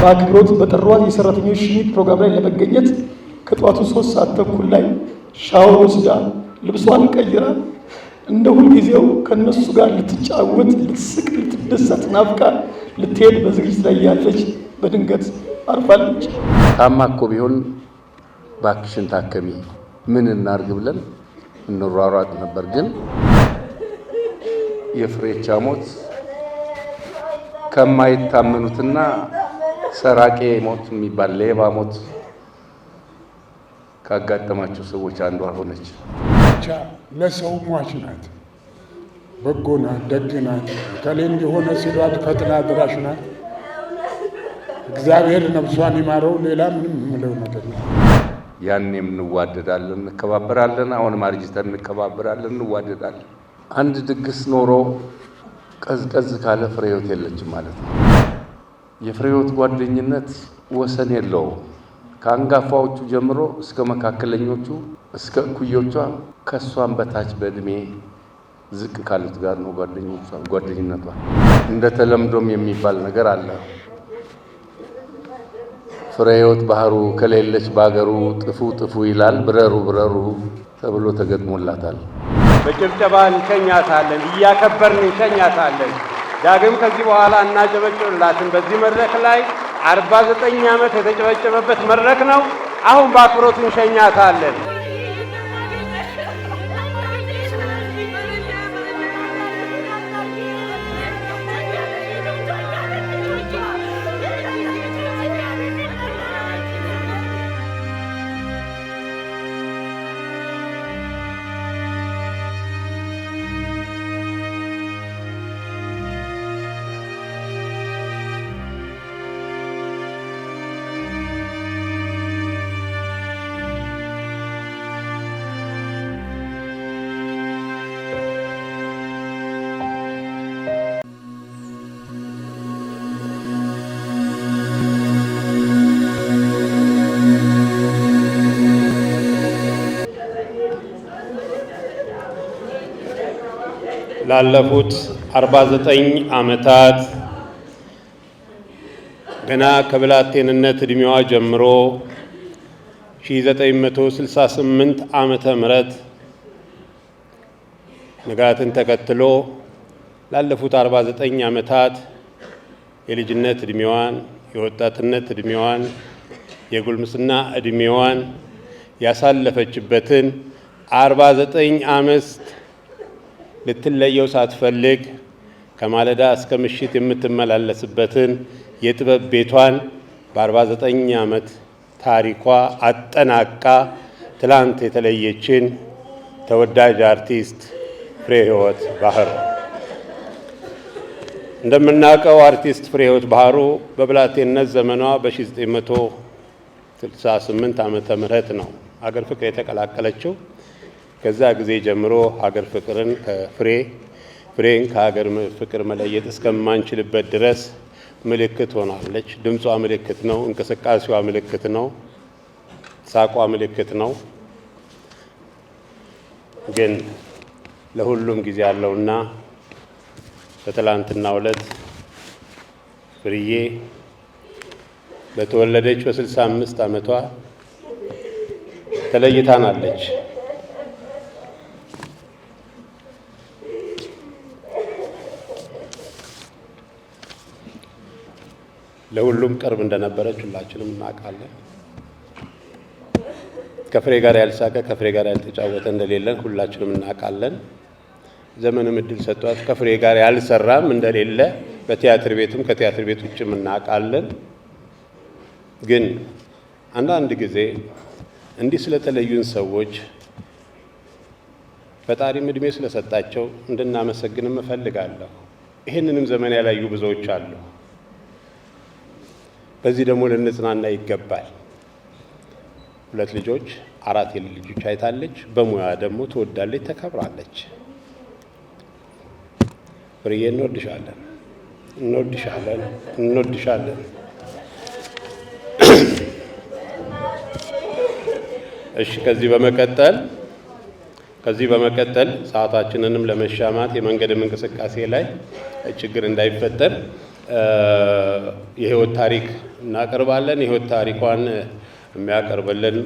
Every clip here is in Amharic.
በአክብሮት በጠሯት የሰራተኞች ሽኝት ፕሮግራም ላይ ለመገኘት ከጠዋቱ ሶስት ሰዓት ተኩል ላይ ሻወር ወስዳ ልብሷን ቀይራ እንደ ሁልጊዜው ከነሱ ጋር ልትጫወት፣ ልትስቅ፣ ልትደሰት ናፍቃ ልትሄድ በዝግጅት ላይ ያለች በድንገት አርፋለች። ታማ እኮ ቢሆን ባክሽን ታከሚ ምን እናርግ ብለን እንሯሯጥ ነበር። ግን የፍሬቻ ሞት ከማይታመኑትና ሰራቄ ሞት የሚባል ሌባ ሞት ካጋጠማቸው ሰዎች አንዷ ሆነች። ኢሬቻ ለሰው ሟች ናት። በጎ ናት፣ ደግ ናት። ከሌ እንዲሆነ ሲሏት ፈጥና ድራሽ ናት። እግዚአብሔር ነፍሷን ይማረው። ሌላ ምንም ምለው ነው ያኔም እንዋደዳለን፣ እንከባበራለን። አሁንም አርጅተን እንከባበራለን፣ እንዋደዳለን። አንድ ድግስ ኖሮ ቀዝቀዝ ካለ ፍሬህይወት የለችም ማለት ነው። የፍሬህይወት ጓደኝነት ወሰን የለውም። ከአንጋፋዎቹ ጀምሮ እስከ መካከለኞቹ እስከ እኩዮቿ ከእሷን በታች በእድሜ ዝቅ ካሉት ጋር ነው ጓደኝነቷ። እንደ ተለምዶም የሚባል ነገር አለ ፍሬ ሕይወት ባህሩ ከሌለች በሀገሩ ጥፉ ጥፉ ይላል ብረሩ ብረሩ ተብሎ ተገጥሞላታል። በጭብጨባ እንሸኛታለን፣ እያከበርን እንሸኛታለን። ዳግም ከዚህ በኋላ እናጨበጭብላትን። በዚህ መድረክ ላይ አርባ ዘጠኝ ዓመት የተጨበጨበበት መድረክ ነው። አሁን በአክብሮት እንሸኛታለን። ላለፉት 49 ዓመታት ገና ከብላቴንነት እድሜዋ ጀምሮ 1968 ዓመተ ምህረት ንጋትን ተከትሎ ላለፉት 49 ዓመታት የልጅነት እድሜዋን የወጣትነት እድሜዋን የጉልምስና እድሜዋን ያሳለፈችበትን 49 ዓመት ልትለየው ሳትፈልግ ከማለዳ እስከ ምሽት የምትመላለስበትን የጥበብ ቤቷን በ49 ዓመት ታሪኳ አጠናቃ ትላንት የተለየችን ተወዳጅ አርቲስት ፍሬ ህይወት ባህሩ። እንደምናውቀው አርቲስት ፍሬ ህይወት ባህሩ በብላቴነት ዘመኗ በ1968 ዓ ም ነው አገር ፍቅር የተቀላቀለችው። ከዛ ጊዜ ጀምሮ ሀገር ፍቅርን ከፍሬ ፍሬን ከሀገር ፍቅር መለየት እስከማንችልበት ድረስ ምልክት ሆናለች። ድምጿ ምልክት ነው። እንቅስቃሴዋ ምልክት ነው። ሳቋ ምልክት ነው። ግን ለሁሉም ጊዜ ያለውና በትላንትናው ዕለት ፍርዬ በተወለደች በ65 ዓመቷ ተለይታናለች። ለሁሉም ቅርብ እንደነበረች ሁላችንም እናውቃለን። ከፍሬ ጋር ያልሳቀ ከፍሬ ጋር ያልተጫወተ እንደሌለን ሁላችንም እናውቃለን። ዘመንም እድል ሰጥቷት ከፍሬ ጋር ያልሰራም እንደሌለ በቲያትር ቤትም ከቲያትር ቤት ውጭም እናውቃለን። ግን አንዳንድ ጊዜ እንዲህ ስለተለዩን ሰዎች ፈጣሪም እድሜ ስለሰጣቸው እንድናመሰግንም እፈልጋለሁ። ይህንንም ዘመን ያላዩ ብዙዎች አሉ። በዚህ ደግሞ ልንጽናና ይገባል። ሁለት ልጆች አራት የልጅ ልጆች አይታለች። በሙያ ደግሞ ትወዳለች፣ ተከብራለች። ፍርዬ እንወድሻለን፣ እንወድሻለን፣ እንወድሻለን። እሺ ከዚህ በመቀጠል ከዚህ በመቀጠል ሰዓታችንንም ለመሻማት የመንገድም እንቅስቃሴ ላይ ችግር እንዳይፈጠር የህይወት ታሪክ እናቀርባለን። የህይወት ታሪኳን የሚያቀርብልን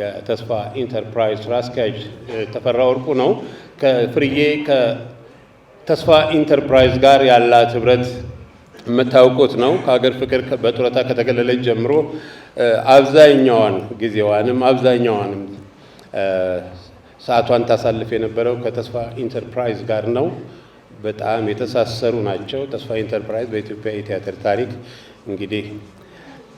የተስፋ ኢንተርፕራይዝ ስራ አስኪያጅ ተፈራ ወርቁ ነው። ከፍርዬ ከተስፋ ኢንተርፕራይዝ ጋር ያላት ህብረት የምታውቁት ነው። ከሀገር ፍቅር በጡረታ ከተገለለች ጀምሮ አብዛኛዋን ጊዜዋንም አብዛኛዋንም ሰዓቷን ታሳልፍ የነበረው ከተስፋ ኢንተርፕራይዝ ጋር ነው። በጣም የተሳሰሩ ናቸው። ተስፋ ኢንተርፕራይዝ በኢትዮጵያ የቲያትር ታሪክ እንግዲህ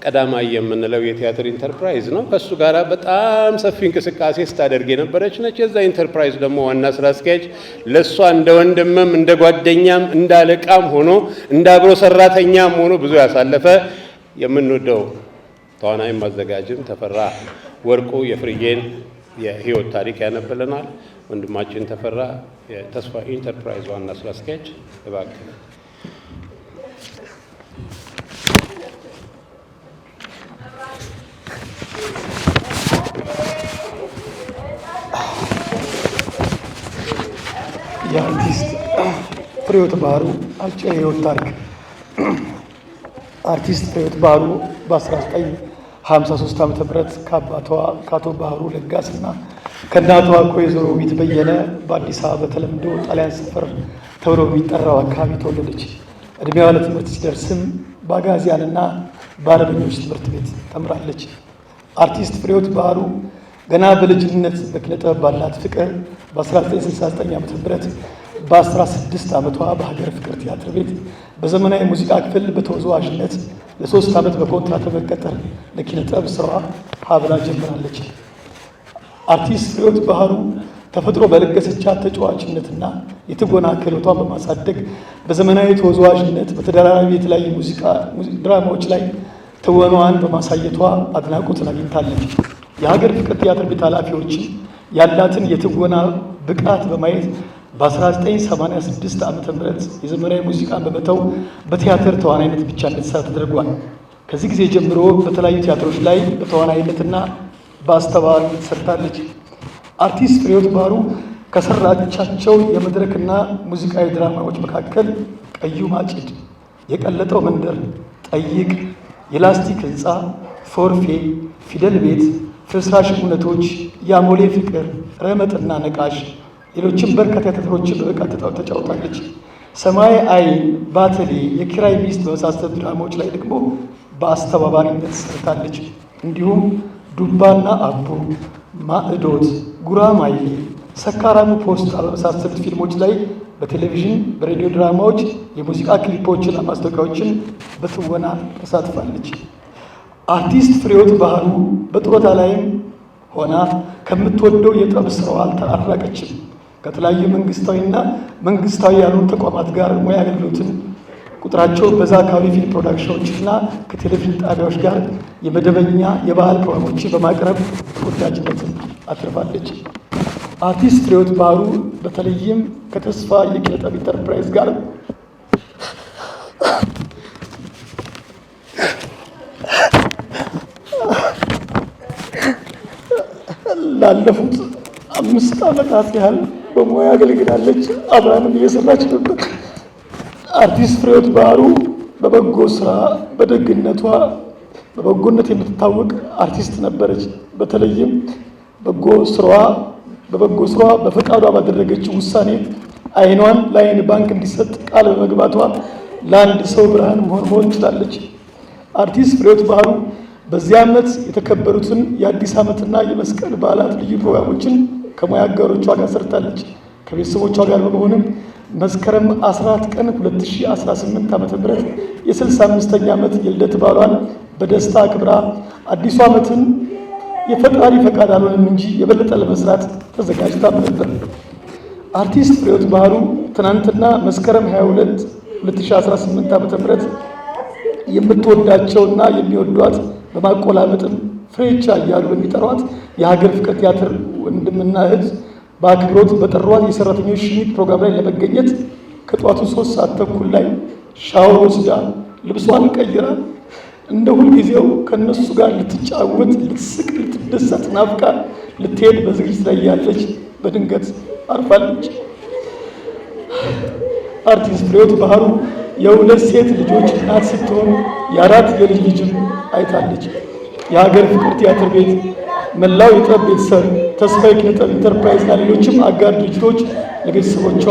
ቀዳማይ የምንለው የቲያትር ኢንተርፕራይዝ ነው። ከሱ ጋር በጣም ሰፊ እንቅስቃሴ ስታደርግ የነበረች ነች። የዛ ኢንተርፕራይዝ ደግሞ ዋና ስራ አስኪያጅ ለእሷ እንደ ወንድምም እንደ ጓደኛም እንደ አለቃም ሆኖ እንደ አብሮ ሰራተኛም ሆኖ ብዙ ያሳለፈ የምንወደው ተዋናይም አዘጋጅም ተፈራ ወርቁ የፍርዬን የህይወት ታሪክ ያነብልናል። ወንድማችን ተፈራ የተስፋ ኢንተርፕራይዝ ዋና ስራ አስኪያጅ እባክህ። የአርቲስት ፍሬሕይወት ባህሩ አጭር የህይወት ታሪክ። አርቲስት ፍሬሕይወት ባህሩ በ1953 ዓ ም ከአባቷ ከአቶ ባህሩ ለጋስና ከእናቷ ወይዘሮ ውቢት በየነ በአዲስ አበባ በተለምዶ ጣሊያን ሰፈር ተብሎ የሚጠራው አካባቢ ተወለደች። እድሜዋ ለትምህርት ሲደርስም በአጋዚያንና በአረበኞች ትምህርት ቤት ተምራለች። አርቲስት ፍሬሕይወት ባህሩ ገና በልጅነት በኪነጥበብ ባላት ፍቅር በ1969 ዓ ም በ16 ዓመቷ በሀገር ፍቅር ቲያትር ቤት በዘመናዊ ሙዚቃ ክፍል በተወዛዋዥነት ለሶስት ዓመት በኮንትራት በመቀጠር ለኪነ ጥበብ ስራዋ ሀብላ ጀምራለች። አርቲስት ፍሬወት ባህሩ ተፈጥሮ በለገሰቻት ተጫዋችነትና የትወና ክህሎቷን በማሳደግ በዘመናዊ ተወዛዋዥነት በተደራራቢ የተለያዩ ሙዚቃ ድራማዎች ላይ ትወናዋን በማሳየቷ አድናቆትን አግኝታለች። የሀገር ፍቅር ቲያትር ቤት ኃላፊዎች ያላትን የትወና ብቃት በማየት በ1986 ዓ ም የዘመናዊ ሙዚቃን በመተው በቲያትር ተዋናይነት ብቻ እንድትሰራ ተደርጓል። ከዚህ ጊዜ ጀምሮ በተለያዩ ቲያትሮች ላይ በተዋናይነትና በአስተባባሪነት ሰርታለች። አርቲስት ፍሬሕይወት ባህሩ ከሰራቻቸው የመድረክና ሙዚቃዊ ድራማዎች መካከል ቀዩ ማጭድ፣ የቀለጠው መንደር፣ ጠይቅ፣ የላስቲክ ህንፃ፣ ፎርፌ፣ ፊደል ቤት፣ ፍርስራሽ እውነቶች፣ የአሞሌ ፍቅር፣ ረመጥና ነቃሽ ሌሎችም በርካታ ተትሮችን በብቃት ተጫውታለች። ሰማይ አይን፣ ባተሌ፣ የኪራይ ሚስት በመሳሰሉ ድራማዎች ላይ ደግሞ በአስተባባሪነት ሰርታለች። እንዲሁም ዱምባና አቦ፣ ማዕዶት፣ ጉራማይሌ፣ ሰካራሙ ፖስታ በመሳሰሉት ፊልሞች ላይ በቴሌቪዥን በሬዲዮ ድራማዎች የሙዚቃ ክሊፖችና ማስታወቂያዎችን በትወና ተሳትፋለች። አርቲስት ፍሬሕይወት ባህሩ በጡረታ ላይም ሆና ከምትወደው የጥበብ ስራዋ አልተራራቀችም። ከተለያዩ መንግስታዊና መንግስታዊ ያሉ ተቋማት ጋር ሙያ አገልግሎትን ቁጥራቸው በዛ አካባቢ ፊልም ፕሮዳክሽኖች እና ከቴሌቪዥን ጣቢያዎች ጋር የመደበኛ የባህል ፕሮግራሞችን በማቅረብ ተወዳጅነትን አትርፋለች። አርቲስት ሪዮት ባህሩ በተለይም ከተስፋ የኪነጥበብ ኢንተርፕራይዝ ጋር ላለፉት አምስት ዓመታት ያህል በሙያ አገልግላለች። አብራንም እየሰራች ነበር። አርቲስት ፍሬሕይወት ባህሩ በበጎ ስራ በደግነቷ በበጎነት የምትታወቅ አርቲስት ነበረች። በተለይም በጎ ስራዋ በበጎ ስራዋ በፈቃዷ ባደረገችው ውሳኔ አይኗን ለአይን ባንክ እንዲሰጥ ቃል በመግባቷ ለአንድ ሰው ብርሃን መሆን መሆን ትችላለች። አርቲስት ፍሬሕይወት ባህሩ በዚህ ዓመት የተከበሩትን የአዲስ ዓመትና የመስቀል በዓላት ልዩ ፕሮግራሞችን ከሙያ አጋሮቿ ጋር ሰርታለች። ከቤተሰቦቿ ጋር በመሆንም መስከረም 14 ቀን 2018 ዓ.ም የ65ኛ ዓመት የልደት በዓሏን በደስታ አክብራ አዲሱ ዓመትን የፈጣሪ ፈቃድ አልሆንም እንጂ የበለጠ ለመስራት ተዘጋጅታ ነበር። አርቲስት ፍሬት ባህሩ ትናንትና መስከረም 22 2018 ዓ.ም የምትወዳቸውና የሚወዷት በማቆላመጥም ፍሬቻ እያሉ በሚጠሯት የሀገር ፍቅር ቲያትር ወንድምና እህት በአክብሮት በጠሯት የሰራተኞች ሽኝት ፕሮግራም ላይ ለመገኘት ከጠዋቱ ሶስት ሰዓት ተኩል ላይ ሻወር ወስዳ ልብሷን ቀይራ እንደ ሁልጊዜው ከእነሱ ጋር ልትጫወት፣ ልትስቅ፣ ልትደሰት ናፍቃ ልትሄድ በዝግጅት ላይ ያለች በድንገት አርፋለች። አርቲስት ፍሬወት ባህሩ የሁለት ሴት ልጆች እናት ስትሆን የአራት የልጅ ልጅም አይታለች። የሀገር ፍቅር ቲያትር ቤት መላው የጥበብ ቤተሰብ ተስፋ የኪነጥበብ ኢንተርፕራይዝና ሌሎችም አጋር ድርጅቶች ለቤተሰቦቿ፣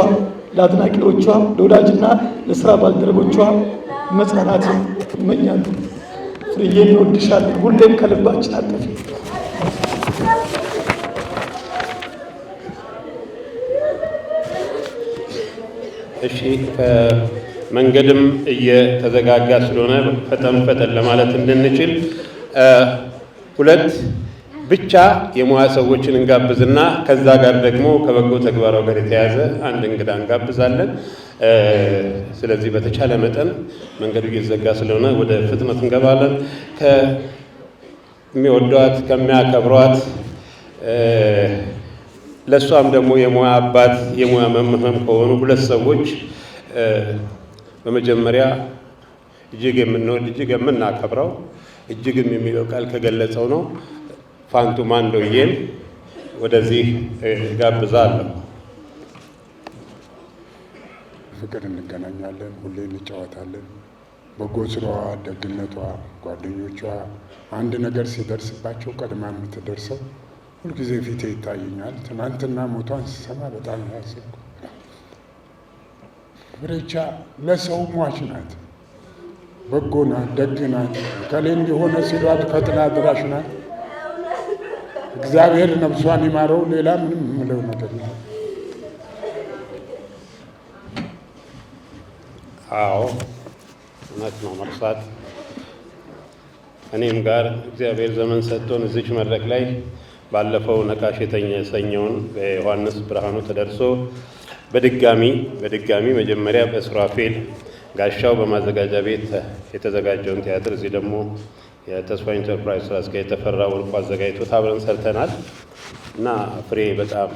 ለአድናቂዎቿ፣ ለወዳጅና ለስራ ባልደረቦቿ መጽናናትን ይመኛሉ። ፍርዬ እንወድሻለን፣ ሁሌም ከልባችን አጠፊ። እሺ መንገድም እየተዘጋጋ ስለሆነ ፈጠን ፈጠን ለማለት እንድንችል ሁለት ብቻ የሙያ ሰዎችን እንጋብዝና ከዛ ጋር ደግሞ ከበጎ ተግባራው ጋር የተያያዘ አንድ እንግዳ እንጋብዛለን። ስለዚህ በተቻለ መጠን መንገዱ እየዘጋ ስለሆነ ወደ ፍጥነት እንገባለን። ከሚወዷት ከሚያከብሯት ለእሷም ደግሞ የሙያ አባት የሙያ መምህም ከሆኑ ሁለት ሰዎች በመጀመሪያ እጅግ የምንወድ እጅግ የምናከብረው እጅግም የሚለው ቃል ከገለጸው ነው ፋንቱ ማንዶዬን ወደዚህ ጋብዛለሁ። ፍቅር እንገናኛለን፣ ሁሌ እንጫወታለን። በጎ ስራዋ፣ ደግነቷ፣ ጓደኞቿ አንድ ነገር ሲደርስባቸው ቀድማ የምትደርሰው ሁልጊዜ ፊቴ ይታየኛል። ትናንትና ሞቷን ስሰማ በጣም ያዘንኩ። ኢሬቻ ለሰው ሟች ናት። በጎ ናት፣ ደግ ናት። ከሌ እንዲሆነ ሲሏት ፈጥና ድራሽ ናት። እግዚአብሔር ነፍሷን ይማረው። ሌላ ምንም የምለው ነገር አዎ፣ እውነት ነው መርሳት እኔም ጋር እግዚአብሔር ዘመን ሰጥቶን እዚች መድረክ ላይ ባለፈው ነቃሽ የተኛ በዮሐንስ ብርሃኑ ተደርሶ በድጋሚ በድጋሚ መጀመሪያ በስራፌል ጋሻው በማዘጋጃ ቤት የተዘጋጀውን ቲያትር እዚህ ደግሞ የተስፋ ኢንተርፕራይዝ ስራ አስኪያጅ የተፈራ ወርቁ አዘጋጅቶት አብረን ሰርተናል እና ፍሬ በጣም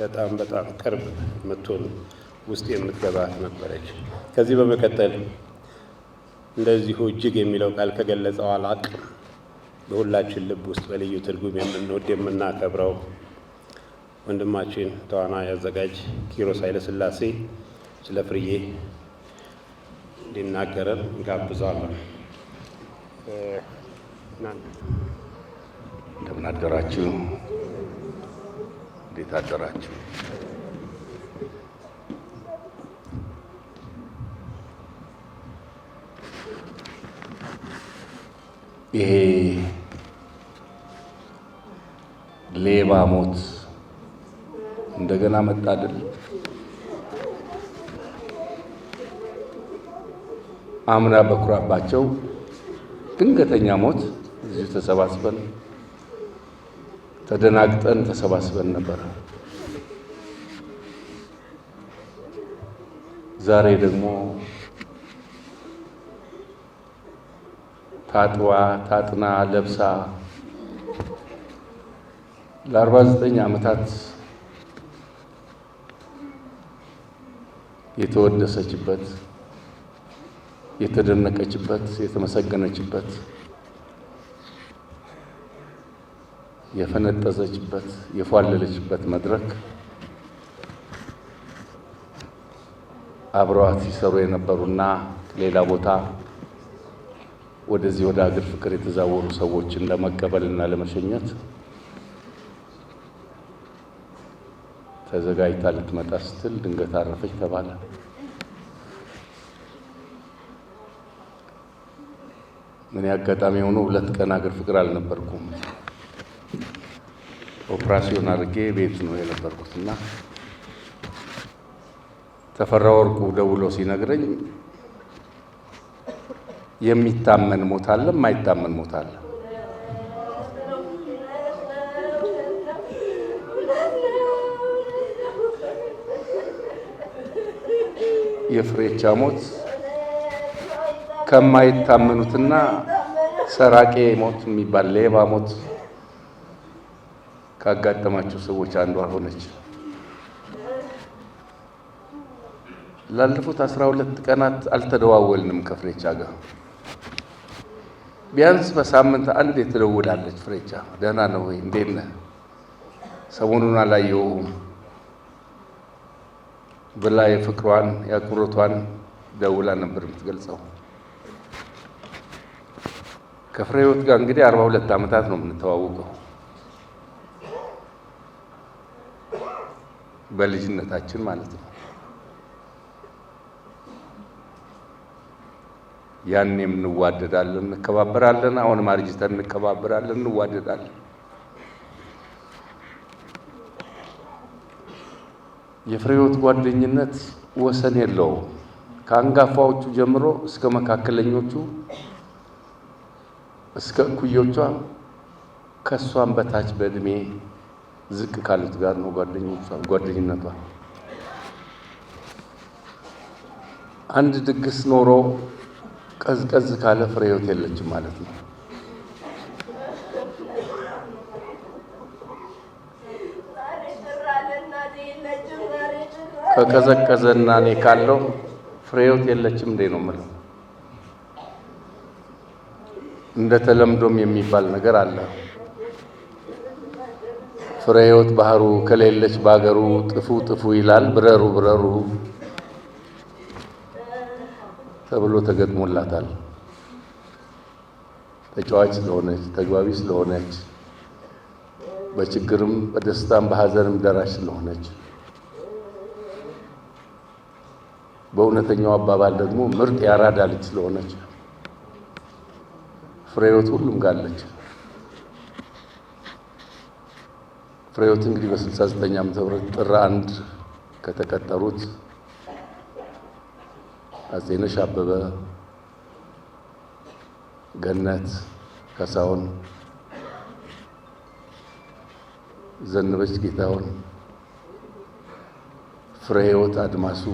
በጣም በጣም ቅርብ የምትሆን ውስጥ የምትገባ ነበረች። ከዚህ በመቀጠል እንደዚሁ እጅግ የሚለው ቃል ከገለጸው አላቅ በሁላችን ልብ ውስጥ በልዩ ትርጉም የምንወድ የምናከብረው ወንድማችን ተዋናይ አዘጋጅ ኪሮስ ኃይለስላሴ ስለ ፍርዬ ሊናገረን ጋብዛለን። እንደምን አደራችሁ? እንዴት አደራችሁ? ይሄ ሌባ ሞት እንደገና መጣ አይደል? አምና በኩራባቸው ድንገተኛ ሞት እዚሁ ተሰባስበን ተደናግጠን ተሰባስበን ነበር። ዛሬ ደግሞ ታጥዋ ታጥና ለብሳ ለአርባ ዘጠኝ ዓመታት የተወደሰችበት የተደነቀችበት የተመሰገነችበት የፈነጠዘችበት የፏለለችበት መድረክ አብረዋት ሲሰሩ የነበሩና ሌላ ቦታ ወደዚህ ወደ አገር ፍቅር የተዛወሩ ሰዎችን ለመቀበልና ለመሸኘት ተዘጋጅታ ልትመጣ ስትል ድንገት አረፈች ተባለ። እኔ አጋጣሚ የሆነ ሁለት ቀን አገር ፍቅር አልነበርኩም። ኦፕራሲዮን አድርጌ ቤት ነው የነበርኩት እና ተፈራ ወርቁ ደውሎ ሲነግረኝ የሚታመን ሞት አለ፣ የማይታመን ሞት አለ። የፍሬቻ ሞት ከማይታመኑትና ሰራቄ ሞት የሚባል ሌባ ሞት ካጋጠማቸው ሰዎች አንዷ ሆነች። ላለፉት አስራ ሁለት ቀናት አልተደዋወልንም ከፍሬቻ ጋር። ቢያንስ በሳምንት አንድ ትደውላለች። ፍሬቻ ደህና ነው ወይ? እንዴት ነህ? ሰሞኑን አላየሁም ብላ የፍቅሯን የአክብሮቷን ደውላ ነበር የምትገልጸው። ከፍሬህይወት ጋር እንግዲህ አርባ ሁለት ዓመታት ነው የምንተዋውቀው። በልጅነታችን ማለት ነው። ያን እንዋደዳለን፣ እንከባበራለን። አሁንም አርጅተን እንከባበራለን፣ እንዋደዳለን። የፍሬህይወት ጓደኝነት ወሰን የለውም። ከአንጋፋዎቹ ጀምሮ እስከ መካከለኞቹ እስከ እኩዮቿ ከእሷን በታች በእድሜ ዝቅ ካሉት ጋር ነው ጓደኝነቷ። አንድ ድግስ ኖሮ ቀዝቀዝ ካለ ፍሬ ህይወት የለችም ማለት ነው። ከቀዘቀዘና እኔ ካለው ፍሬ ህይወት የለችም እንዴ ነው የምለው። እንደ ተለምዶም የሚባል ነገር አለ። ፍሬ ሕይወት ባህሩ ከሌለች ባገሩ ጥፉ ጥፉ ይላል ብረሩ ብረሩ ተብሎ ተገጥሞላታል። ተጫዋች ስለሆነች ተግባቢ ስለሆነች በችግርም በደስታም በሀዘንም ደራሽ ስለሆነች በእውነተኛው አባባል ደግሞ ምርጥ ያራዳ ልጅ ስለሆነች ፍሬህይወት ሁሉም ጋር አለች። ፍሬህይወት እንግዲህ በ69 ዓመተ ምህረት ጥር አንድ ከተቀጠሩት አጼነሽ አበበ፣ ገነት ከሳውን ዘንበች ጌታሁን፣ ፍሬህይወት አድማሱ፣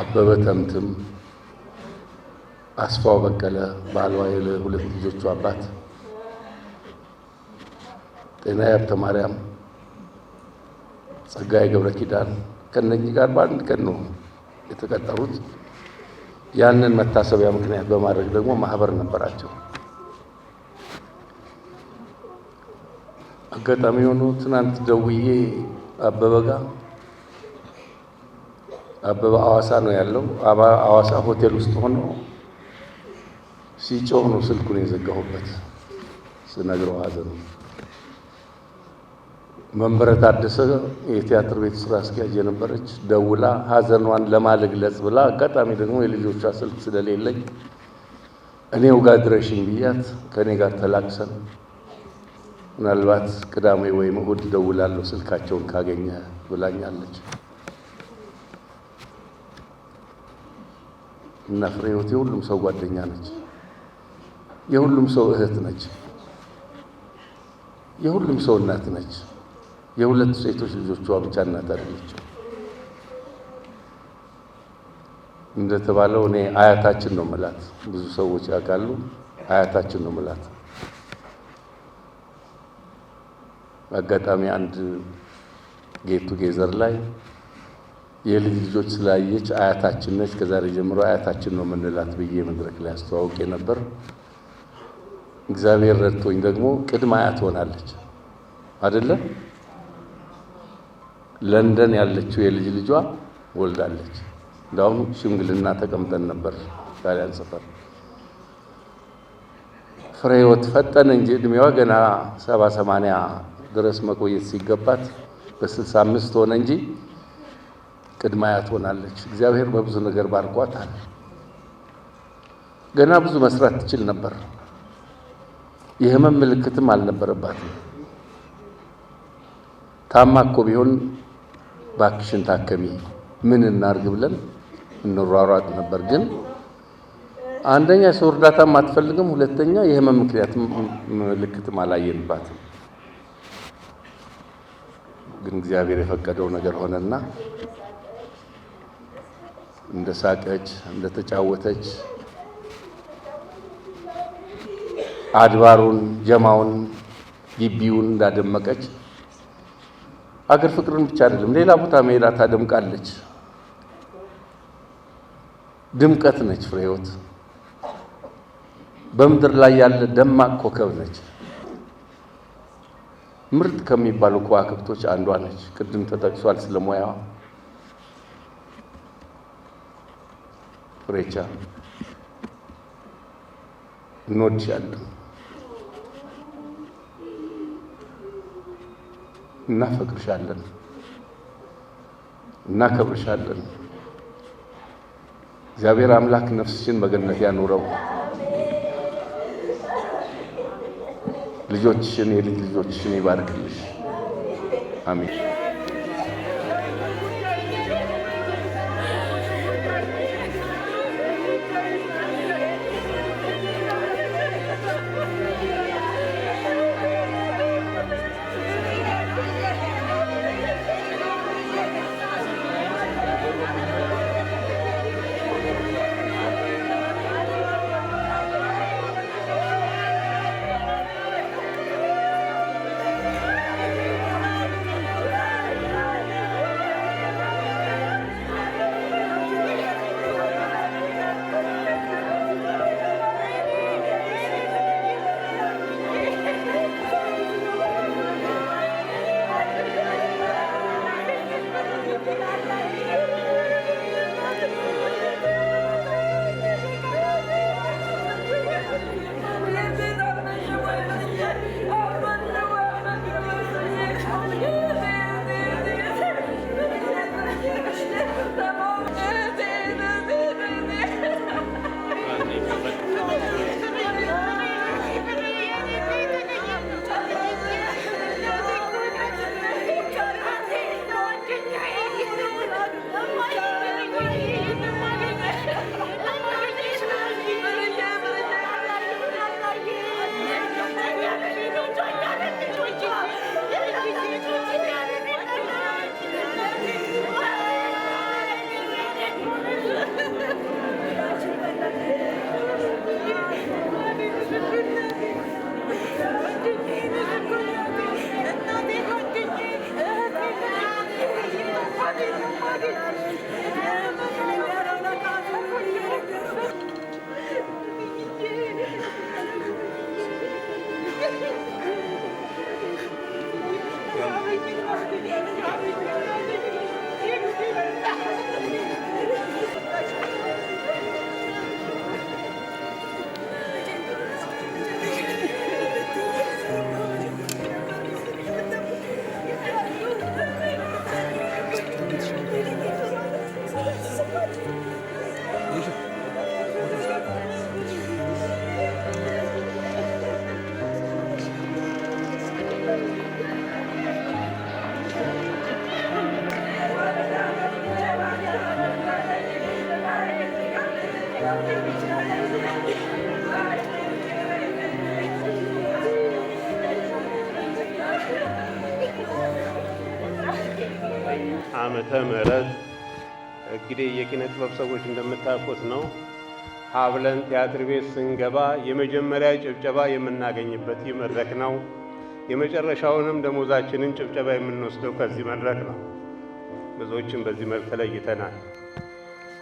አበበ ተምትም አስፋው በቀለ ባሏ የሁለት ልጆቹ አባት፣ ጤናዬ ሀብተ ማርያም፣ ጸጋዬ ገብረ ኪዳን ከነኚህ ጋር በአንድ ቀን ነው የተቀጠሩት። ያንን መታሰቢያ ምክንያት በማድረግ ደግሞ ማህበር ነበራቸው። አጋጣሚ ሆኖ ትናንት ደውዬ አበበ ጋ አበበ ነው ያለው። አዋሳ ሆቴል ውስጥ ሆኖ ሲጮህ ነው ስልኩን የዘጋሁበት። ስነግረው ሐዘኑ መንበረ ታደሰ የቲያትር ቤት ስራ አስኪያጅ የነበረች ደውላ ሐዘኗን ለማልግለጽ ብላ አጋጣሚ ደግሞ የልጆቿ ስልክ ስለሌለኝ እኔው ጋር ድረሽኝ ብያት ከእኔ ጋር ተላቅሰን ምናልባት ቅዳሜ ወይም እሁድ ደውላለሁ ስልካቸውን ካገኘ ብላኛለች። እና ፍሬህይወት የሁሉም ሰው ጓደኛ ነች። የሁሉም ሰው እህት ነች። የሁሉም ሰው እናት ነች። የሁለቱ ሴቶች ልጆቿ ብቻ እናት አይደለችም። እንደተባለው እኔ አያታችን ነው ምላት። ብዙ ሰዎች ያውቃሉ። አያታችን ነው ምላት። አጋጣሚ አንድ ጌቱ ጌዘር ላይ የልጅ ልጆች ስላየች አያታችን ነች፣ ከዛሬ ጀምሮ አያታችን ነው የምንላት ብዬ መድረክ ላይ አስተዋውቄ ነበር። እግዚአብሔር ረድቶኝ ደግሞ ቅድመ አያት ሆናለች አደለ? ለንደን ያለችው የልጅ ልጇ ወልዳለች። እንዳሁኑ ሽምግልና ተቀምጠን ነበር ጣሊያን ሰፈር። ፍሬ ህይወት እንጂ እድሜዋ ገና ሰባ ሰማንያ ድረስ መቆየት ሲገባት በስልሳ አምስት ሆነ እንጂ ቅድመ አያት ሆናለች። እግዚአብሔር በብዙ ነገር ባርኳታል። ገና ብዙ መስራት ትችል ነበር። የህመም ምልክትም አልነበረባትም። ታማ እኮ ቢሆን ባክሽን ታከሚ ምን እናርግ ብለን እንሯሯጥ ነበር። ግን አንደኛ ሰው እርዳታም አትፈልግም፣ ሁለተኛ የህመም ምክንያት ምልክትም አላየንባትም። ግን እግዚአብሔር የፈቀደው ነገር ሆነና እንደሳቀች እንደተጫወተች አድባሩን፣ ጀማውን፣ ግቢውን እንዳደመቀች አገር ፍቅርን ብቻ አይደለም ሌላ ቦታ መሄዳ ታደምቃለች። ድምቀት ነች ፍሬ ሕይወት በምድር ላይ ያለ ደማቅ ኮከብ ነች። ምርጥ ከሚባሉ ከዋክብቶች አንዷ ነች። ቅድም ተጠቅሷል ስለ ሙያዋ ፍሬቻ። እንወድሻለን። እናፈቅርሻለን፣ እናከብርሻለን። እግዚአብሔር አምላክ ነፍስሽን በገነት ያኑረው። ልጆችሽን፣ የልጅ ልጆችሽን ይባርክልሽ። አሜን። Thank you. ዓመተ ምረት እንግዲህ የኪነ ጥበብ ሰዎች እንደምታውቁት ነው ሀብለን ቲያትር ቤት ስንገባ የመጀመሪያ ጭብጨባ የምናገኝበት ይህ መድረክ ነው። የመጨረሻውንም ደሞዛችንን ጭብጨባ የምንወስደው ከዚህ መድረክ ነው። ብዙዎችን በዚህ መልክ ተለይተናል።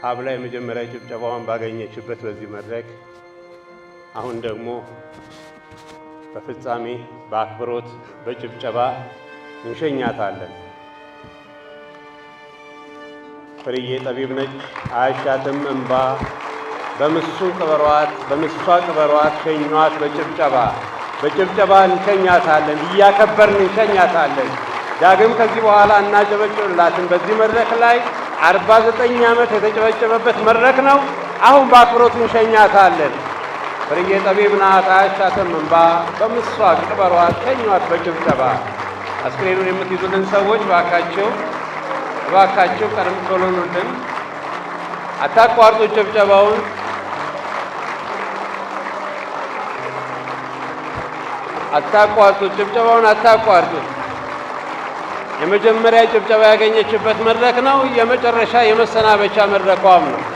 ሀብላ የመጀመሪያ ጭብጨባዋን ባገኘችበት በዚህ መድረክ አሁን ደግሞ በፍጻሜ በአክብሮት በጭብጨባ እንሸኛታለን። ፍርዬ ጠቢብ ነች፣ አያሻትም እምባ። በምሱ ቅበሯት፣ በምሷ ቅበሯት፣ ሸኟት በጭብጨባ በጭብጨባ እንሸኛታለን፣ እያከበርን እንሸኛታለን። ዳግም ከዚህ በኋላ እናጨበጭብላትን። በዚህ መድረክ ላይ አርባ ዘጠኝ ዓመት የተጨበጨበበት መድረክ ነው። አሁን በአክብሮት እንሸኛታለን። ፍርዬ ጠቢብ ናት፣ አያሻትም እምባ። በምሷ ቅበሯት፣ ሸኟት በጭብጨባ። አስክሬኑን የምትይዙልን ሰዎች ባካቸው እባካችሁ ቶሎ በሉልን፣ አታቋርጡ ጭብጨባውን። አታቋርጡ ጭብጨባውን፣ አታቋርጡ። የመጀመሪያ ጭብጨባ ያገኘችበት መድረክ ነው። የመጨረሻ የመሰናበቻ መድረኳም ነው።